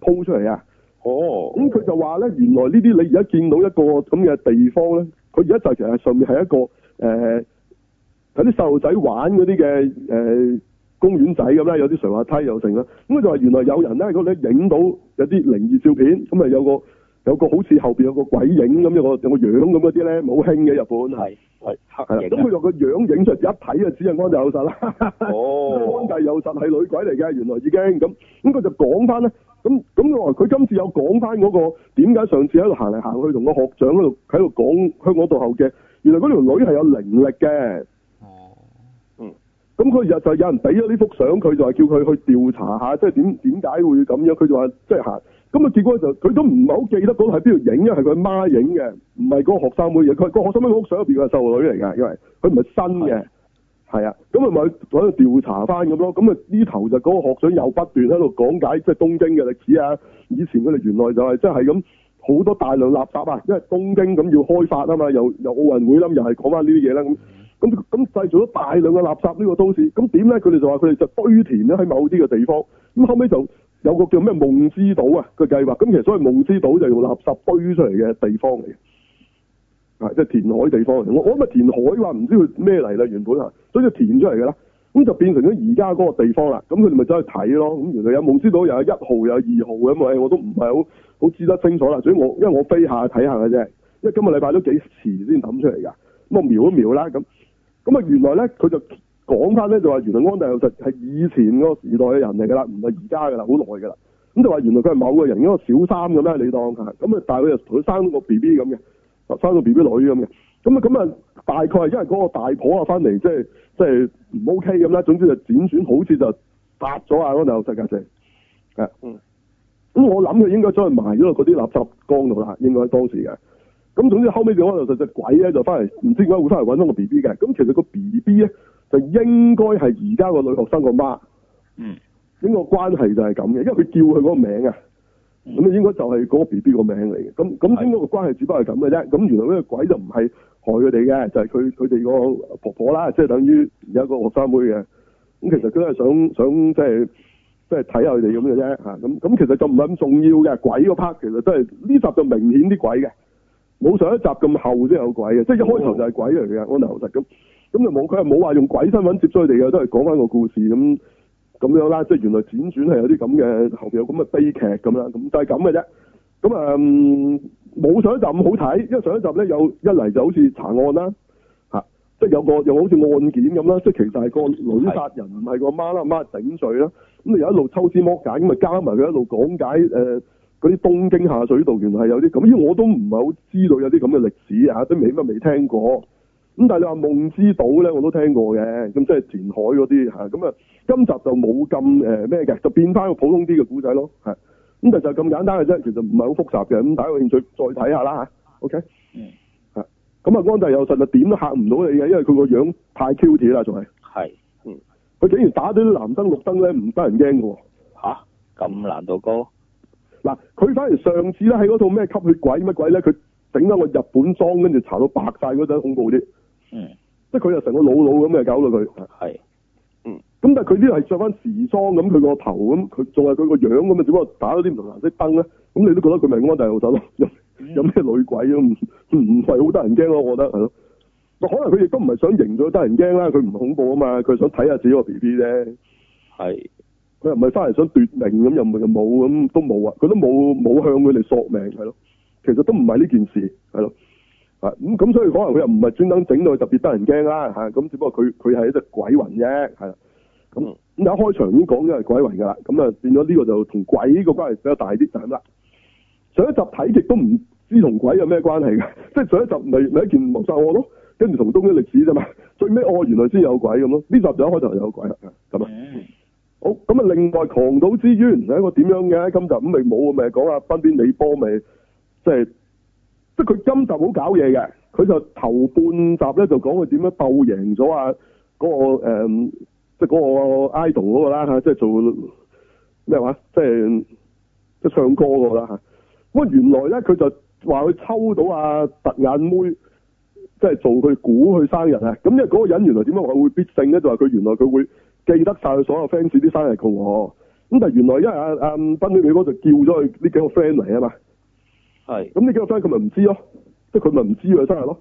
鋪、呃、出嚟啊！哦，咁佢就話咧，原來呢啲你而家見到一個咁嘅地方咧，佢而家就其、是、實上面係一個誒、呃，有啲細路仔玩嗰啲嘅誒。呃公園仔咁啦，有啲滑滑梯又成啦，咁佢就話原來有人咧，佢咧影到有啲靈異照片，咁啊有個有個好似後邊有個鬼影咁個有個樣咁嗰啲咧，好興嘅日本係係黑影，咁佢用個樣影出嚟一睇啊，只有安大有實啦，哦，安大有實係女鬼嚟嘅，原來已經咁，咁佢就講翻咧，咁咁佢話佢今次有講翻嗰個點解上次喺度行嚟行去同個學長喺度喺度講向我度後嘅，原來嗰條女係有靈力嘅。咁佢日就有人俾咗呢幅相，佢就係叫佢去調查下，即係點點解會咁樣？佢就話即係行，咁啊結果就佢都唔係好記得嗰個係邊度影，因為係佢媽影嘅，唔係嗰個學生妹影。佢個學生妹個相入邊嘅細路女嚟㗎，因為佢唔係新嘅，係啊。咁咪咪喺度調查翻咁咯。咁啊呢頭就嗰個學生又不斷喺度講解即係東京嘅歷史啊。以前佢哋原來就係即係咁好多大量垃圾啊，因為東京咁要開發啊嘛，又又奧運會啦、啊，又係講翻呢啲嘢啦咁。咁咁製造咗大量嘅垃圾呢個都市，咁點咧？佢哋就話佢哋就堆填咧喺某啲嘅地方，咁後尾就有個叫咩夢之島啊個計劃，咁其實所謂夢之島就係用垃圾堆出嚟嘅地方嚟嘅，啊即係填海地方嚟。我我諗係填海，話唔知佢咩嚟啦原本啊，所以就填出嚟嘅啦，咁就變成咗而家嗰個地方啦。咁佢哋咪走去睇咯。咁原來有夢之島，又有，有一號，有二號咁。嘛。我都唔係好好知得清楚啦。所以我因為我飛下睇下嘅啫，因為今日禮拜都幾遲先抌出嚟噶，咁我瞄一瞄啦咁。咁啊，原來咧佢就講翻咧，就話原來安大路實係以前個時代嘅人嚟噶啦，唔係而家噶啦，好耐噶啦。咁就話原來佢係某個人嗰個小三咁啦，你當佢係。咁啊，但係佢同佢生咗個 B B 咁嘅，生個 B B 女咁嘅。咁啊，咁啊，大概係因為嗰個大婆啊翻嚟，即係即係唔 OK 咁呢。總之就輾轉，好似就搭咗啊安大路實架車。嗯。咁我諗佢應該將佢埋咗喺嗰啲垃圾缸度啦，應該當時嘅。咁總之後尾，就嗰度隻鬼咧就翻嚟，唔知點解會翻嚟揾返個 B B 嘅。咁其實個 B B 咧就應該係而家個女學生個媽，嗯，應該,關應該個,寶寶個關係就係咁嘅，因為佢叫佢嗰個名啊，咁啊應該就係嗰個 B B 個名嚟嘅。咁咁應該個關係只不過係咁嘅啫。咁原來呢個鬼就唔係害佢哋嘅，就係佢佢哋個婆婆啦，即、就、係、是、等於有個學生妹嘅。咁其實佢都係想想即係即係睇下佢哋咁嘅啫嚇。咁咁其實就唔係咁重要嘅。鬼個 part 其實都係呢集就明顯啲鬼嘅。冇上一集咁後先有鬼嘅，即係一開頭就係鬼嚟嘅。安德老實咁，咁就冇，佢係冇話用鬼身份接觸佢哋嘅，都係講翻個故事咁咁樣啦。即係原來輾轉係有啲咁嘅，後邊有咁嘅悲劇咁啦，咁就係咁嘅啫。咁啊，冇、嗯、上一集咁好睇，因為上一集咧有，一嚟就好似查案啦，吓，即係有個又好似案件咁啦，即係其實係個女殺人唔係個媽啦媽頂罪啦，咁你有一路抽絲剝繭，咁啊加埋佢一路講解誒。呃嗰啲東京下水道原來係有啲咁，咦，我都唔係好知道有啲咁嘅歷史啊，都未乜未聽過。咁但係你話夢之島咧，我都聽過嘅。咁即係填海嗰啲嚇。咁啊，今集就冇咁誒咩嘅，就變翻個普通啲嘅古仔咯。係咁，但係就咁簡單嘅啫。其實唔係好複雜嘅。咁大家有興趣再睇下啦 OK。嗯。係。咁啊，安大有實就點都嚇唔到你嘅，因為佢個樣太 cute 啦，仲係。係。嗯。佢竟然打啲藍燈綠燈咧，唔得人驚喎。咁、啊、難度高？嗱，佢反而上次咧喺嗰套咩吸血鬼乜鬼咧，佢整咗個日本裝，跟住搽到白晒嗰陣，恐怖啲。嗯。即係佢又成個老佬咁嘅搞到佢。係。嗯。咁但係佢啲係着翻時裝咁，佢個頭咁，佢仲係佢個樣咁啊，只不過打咗啲唔同顏色燈咧，咁你都覺得佢咪安大老手咯？ 有咩女鬼都唔唔係好得人驚咯？我覺得係咯。可能佢亦都唔係想贏咗得人驚啦，佢唔恐怖啊嘛，佢想睇下自己個 B B 啫。係。佢又唔係翻嚟想奪命咁，又唔係又冇咁，都冇啊！佢都冇冇向佢哋索命，係咯？其實都唔係呢件事，係咯？啊咁咁，所以可能佢又唔係專登整到佢特別得人驚啦吓。咁只不過佢佢係一隻鬼魂啫，係啦。咁、嗯、咁、嗯、一開場已經講咗係鬼魂噶啦。咁啊變咗呢個就同鬼個關係比較大啲就係啦。上一集睇極都唔知同鬼有咩關係嘅，即係上一集咪咪一件謀殺案咯，跟住同東京歷史啫嘛。最尾我原來先有鬼咁咯，呢集就一開頭有鬼啦咁啊。好咁啊！另外狂賭，狂賭之淵係一個點樣嘅？今集咁未冇咪講啊？分啲李波咪即係即係佢今集好搞嘢嘅。佢就頭半集咧就講佢點樣鬥贏咗啊嗰、嗰個、嗯、即係嗰個 idol 嗰、嗰個啦，即係做咩話即係即係唱歌、嗰個啦嚇。咁啊原來咧佢就話佢抽到啊凸眼妹，即係做佢估佢生日啊。咁因為嗰個人原來點樣話會必勝咧？就話佢原來佢會。記得曬所有 fans 啲生日嘅喎，咁但係原來因為阿阿賓比美哥就叫咗佢呢幾個 friend 嚟啊嘛，係，咁呢幾個 friend 佢咪唔知咯，即係佢咪唔知佢生日咯，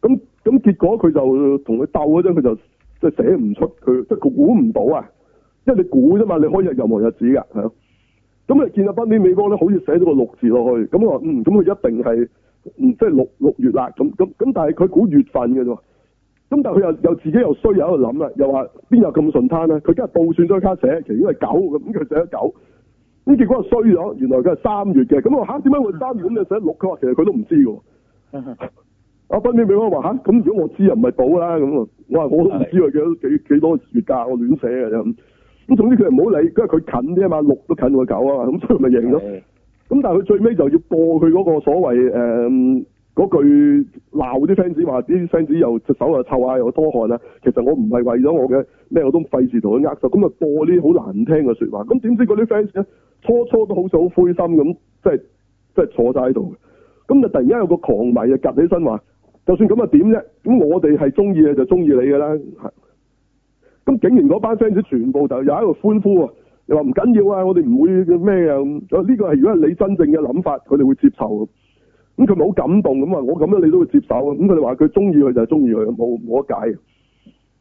咁咁結果佢就同佢鬥嗰陣佢就即係寫唔出，佢即係估唔到啊，因為你估啫嘛，你可以日任何日子㗎，係咯，咁啊見阿賓比美哥咧好似寫咗個六字落去，咁我話嗯咁佢一定係即係六六月啦，咁咁咁但係佢估月份嘅啫。咁但係佢又又自己又衰喺度諗啦，又話邊有咁順攤咧？佢今日倒算張卡寫，其實應該九咁，佢寫咗九，咁結果又衰咗。原來佢係三月嘅，咁我嚇點解我三月咁你寫六？佢話其實佢都唔知喎。阿分分畀我話嚇，咁、啊、如果我知又唔係賭啦咁啊！我話我都唔知喎， 幾多幾多月價我亂寫嘅咁。咁總之佢唔好理，因為佢近啲啊嘛，六都近過九啊嘛，咁所以咪贏咗。咁 但係佢最尾就要過佢嗰個所謂誒。呃嗰句鬧啲 fans 話啲 fans 又隻手又臭啊，又多汗啊，其實我唔係為咗我嘅咩，我都費事同佢握手咁啊，播啲好難聽嘅説話，咁點知嗰啲 fans 咧初初都好似好灰心咁，即係即係坐晒喺度，咁就突然間有個狂迷啊夾起身話，就算咁啊點啫，咁我哋係中意嘅就中意你嘅啦，咁竟然嗰班 fans 全部就又喺度歡呼啊，又話唔緊要啊，我哋唔會咩啊，呢個係如果係你真正嘅諗法，佢哋會接受。咁佢咪好感動咁啊我咁樣你都會接受啊！咁佢哋話佢中意佢就中意佢，冇冇得解嘅。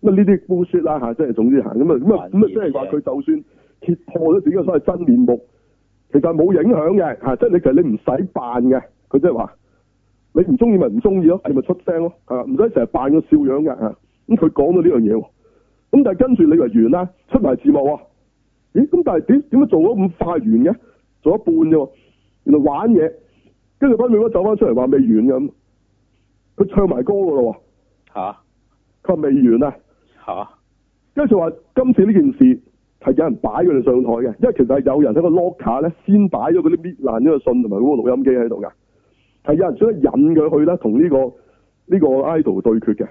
呢啲 bullshit 啦吓，即係總之吓咁啊咁啊，即係話佢就算揭破咗自己嘅所謂真面目，其實冇影響嘅吓。即係你其實你唔使扮嘅，佢即係話你唔中意咪唔中意咯，你咪出聲咯，唔使成日扮個笑樣嘅吓。咁佢講到呢樣嘢，咁但係跟住你以為完啦，出埋字幕喎。咦？咁但係點點解做咗咁快完嘅？做一半啫，原來玩嘢。跟住班表哥走翻出嚟話未完咁，佢唱埋歌噶咯，吓，佢話未完啊，吓，跟住話今次呢件事係有人擺佢哋上台嘅，因為其實係有人喺個 locker 咧先擺咗嗰啲搣爛咗嘅信同埋嗰個錄音機喺度噶，係有人想引佢去呢同呢個呢、呢個 idol 對決嘅，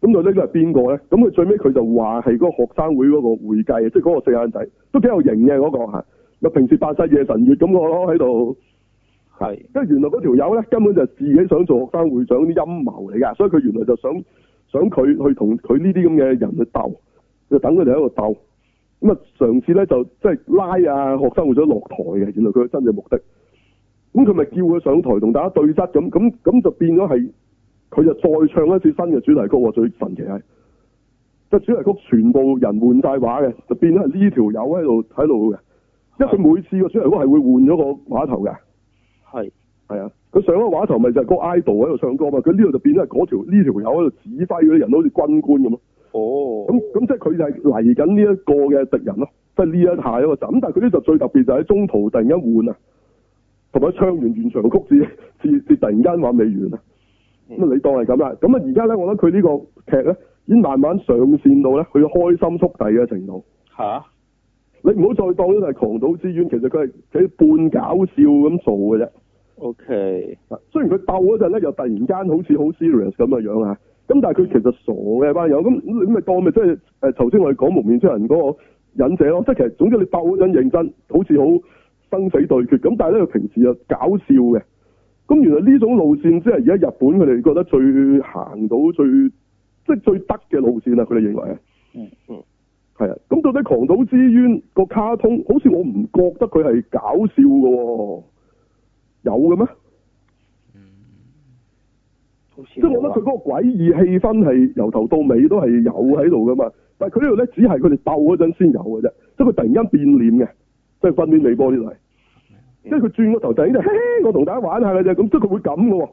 咁到呢個係邊個咧？咁佢最尾佢就話係嗰個學生會嗰個會計，即係嗰個四眼仔，都幾有型嘅嗰、嗰個吓、嗰個，平時扮晒夜神月咁個咯喺度。係，因為原來嗰條友咧根本就自己想做學生會長啲陰謀嚟噶，所以佢原來就想想佢去同佢呢啲咁嘅人去鬥，就等佢哋喺度鬥。咁啊，上次咧就即係、就是、拉啊學生會長落台嘅，原來佢嘅真正目的。咁佢咪叫佢上台同大家對質咁，咁咁就變咗係佢就再唱一次新嘅主題曲啊！最神奇係，即、就、係、是、主題曲全部人換晒畫嘅，就變咗係呢條友喺度喺度嘅。因為佢每次個主題曲係會換咗個畫頭嘅。係，係啊！佢上個話頭咪就係個 idol 喺度唱歌嘛，佢呢度就變咗係嗰條呢條友喺度指揮嗰啲人，都好似軍官咁咯。哦、oh.，咁咁即係佢就係嚟緊呢一個嘅敵人咯，即係呢一下啊個咁但係佢呢度最特別就喺中途突然間換啊，同埋唱完完場曲子，至突然間玩未完啊。咁、mm. 你當係咁啦。咁啊，而家咧，我覺得佢呢個劇咧，已經慢慢上線到咧，佢開心速遞嘅程度。吓、啊，你唔好再當呢咗係狂賭之淵，其實佢係喺半搞笑咁做嘅啫。O K，嗱，雖然佢鬥嗰陣咧，又突然間好似好 serious 咁嘅樣啊，咁但係佢其實傻嘅班友，咁咁咪當咪即係誒頭先我哋講蒙面超人嗰、那個忍者咯，即係其實總之你鬥真認真，好似好生死對決咁，但係咧佢平時又搞笑嘅，咁原來呢種路線即係而家日本佢哋覺得最行到最即係最得嘅路線啊，佢哋認為啊，嗯嗯，係啊，咁到底狂賭之淵、那個卡通好似我唔覺得佢係搞笑嘅喎、哦。有嘅咩？即、嗯、係我覺得佢嗰個詭異氣氛係由頭到尾都係有喺度噶嘛，但係佢呢度咧只係佢哋鬥嗰陣先有嘅啫、就是嗯，即係佢突然間變臉嘅，即係訓練你波啲嚟，即係佢轉個頭突然間，嘿，我同大家玩下嘅啫，咁即係佢會咁嘅，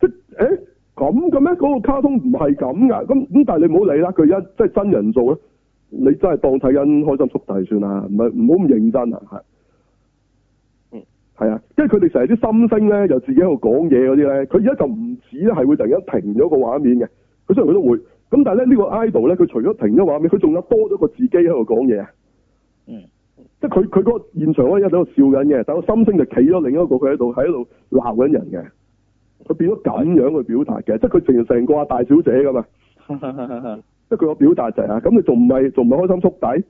即係誒咁嘅咩？嗰、欸那個卡通唔係咁噶，咁咁但係你唔好理啦，佢一即係真人做咧，你真係當睇緊開心速遞算啦，唔係唔好咁認真啊，係。係啊，跟住佢哋成日啲心聲咧，就自己喺度講嘢嗰啲咧。佢而家就唔止咧，係會突然間停咗個畫面嘅。佢雖然佢都會，咁但係咧呢、這個 idol 咧，佢除咗停咗畫面，佢仲有多咗個自己喺度講嘢。嗯，即係佢佢個現場咧，而家喺度笑緊嘅，但係個心聲就企咗另一個佢喺度，喺度鬧緊人嘅。佢變咗咁樣去表達嘅，即係佢成成個大小姐咁嘛， 即係佢個表達就係、是、啊，咁你仲唔係仲唔係開心速底？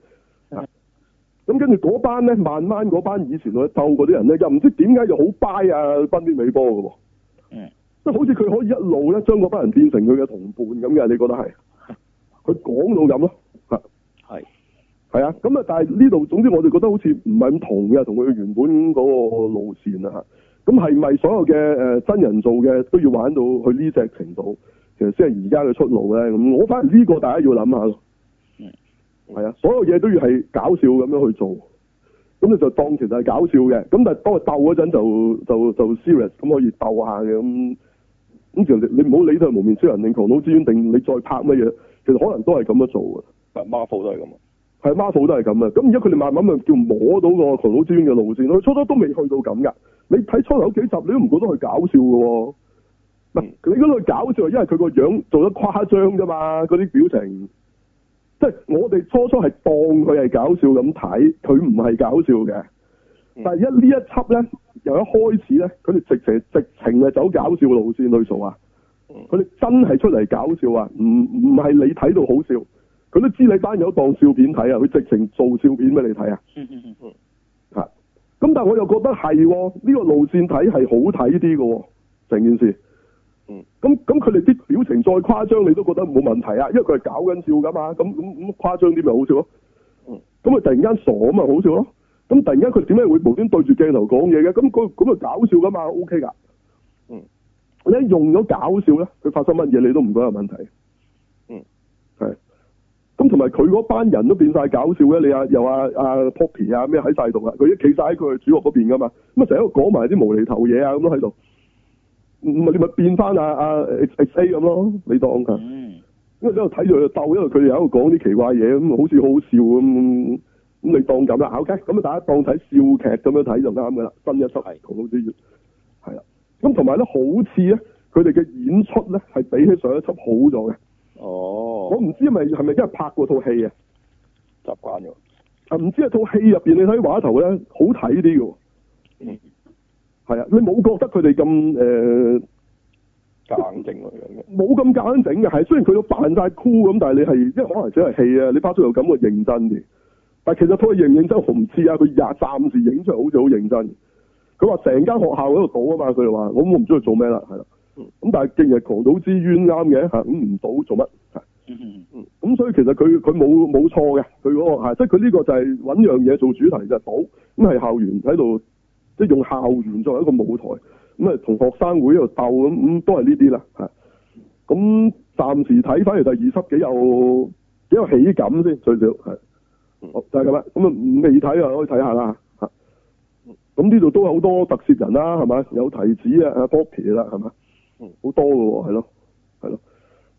咁跟住嗰班咧，慢慢嗰班以前去鬥嗰啲人咧，又唔知點解又好 buy 啊，分啲尾波㗎喎。嗯，即係好似佢可以一路咧，將嗰班人變成佢嘅同伴咁嘅，你覺得係？佢 講到咁咯，係係啊。咁 啊，但係呢度總之我哋覺得好似唔係咁同嘅，同佢原本嗰個路線啊。咁係咪所有嘅、呃、真人做嘅都要玩到去呢隻程度，其實先係而家嘅出路咧？咁我反而呢個大家要諗下咯。係啊，所有嘢都要係搞笑咁樣去做，咁你就當其實係搞笑嘅，咁但係當佢鬥嗰陣就就就 serious，咁可以鬥下嘅咁。咁其實你唔好理佢幪面超人定狂賭之淵定你再拍乜嘢，其實可能都係咁樣做嘅。Marvel 都係咁啊，係 Marvel 都係咁啊。咁而家佢哋慢慢咪叫摸到個狂賭之淵嘅路綫，佢初初都未去到咁噶，你睇初頭幾集你都唔覺得佢搞笑㗎喎。係、嗯，你覺得佢搞笑係因為佢個樣做得誇張啫嘛，嗰啲表情。即係我哋初初係當佢係搞笑咁睇，佢唔係搞笑嘅。但係一一輯咧，由一開始咧，佢哋直情直情係走搞笑路線去做啊。佢哋真係出嚟搞笑啊，唔唔係你睇到好笑。佢都知你班友當笑片睇啊，佢直情做笑片俾你睇啊。嗯嗯嗯。吓，咁但係我又覺得係呢個路線睇係好睇啲嘅，成件事。嗯，咁咁佢哋啲表情再誇張，你都覺得冇問題啊，因為佢係搞緊笑噶嘛，咁咁咁誇張啲咪好笑咯。咁、嗯、啊突然間傻啊嘛，咪好笑咯。咁突然間佢點解會無端對住鏡頭講嘢嘅？咁佢咁啊搞笑噶嘛，O K 噶。嗯，你一用咗搞笑咧，佢發生乜嘢你都唔覺得有問題。嗯，係。咁同埋佢嗰班人都變晒搞笑嘅，你啊又啊啊 Poppy 啊咩喺晒度啊，佢一企晒喺佢主角嗰邊噶嘛，咁啊成日都講埋啲無厘頭嘢啊咁咯喺度。唔咪你咪變翻阿啊 X A 咁咯，你當啊、嗯，因為喺度睇住佢鬥，因為佢哋喺度講啲奇怪嘢，咁好似好好笑咁，咁、嗯、你當咁啦，OK，咁啊大家當睇笑劇咁樣睇就啱噶啦，新一輯係好好啲係啦，咁同埋咧好似咧，佢哋嘅演出咧係比起上一輯好咗嘅。哦我是是。我唔知咪係咪真係拍過套戲啊？習慣咗。一啊唔知係套戲入邊你睇畫頭咧好睇啲嘅。係啊，你冇覺得佢哋咁誒假裝整冇咁假整嘅。係、呃、雖然佢都扮晒 cool o 咁，但係你係即係可能只係戲啊。你拍出嚟感覺認真啲，但係其實睇佢認唔認真，紅黐啊！佢暫時影出嚟好似好認真。佢話成間學校喺度賭啊嘛，佢話：我我唔知佢做咩啦，係啦。咁但係既然狂賭之淵啱嘅，咁唔賭做乜？嗯咁、嗯嗯、所以其實佢佢冇冇錯嘅，佢嗰、嗰個係即係佢呢個就係揾樣嘢做主題嘅、就係、賭，咁係校園喺度。即係用校園作為一個舞台，咁啊同學生會度鬥咁咁，嗯，都係呢啲啦嚇。咁、嗯、暫時睇翻嚟第二集幾有幾有喜感先，最少就係咁啦。咁、嗯、啊未睇啊可以睇下啦嚇。咁呢度都有好多特攝人啦係咪？有提子啊波 b o i 啦係咪？好、嗯、多㗎喎係咯，係咯。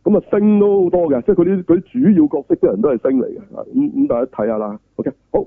咁啊升都好多嘅，即係佢啲佢啲主要角色啲人都係升嚟嘅。咁咁，嗯、大家睇下啦。OK 好。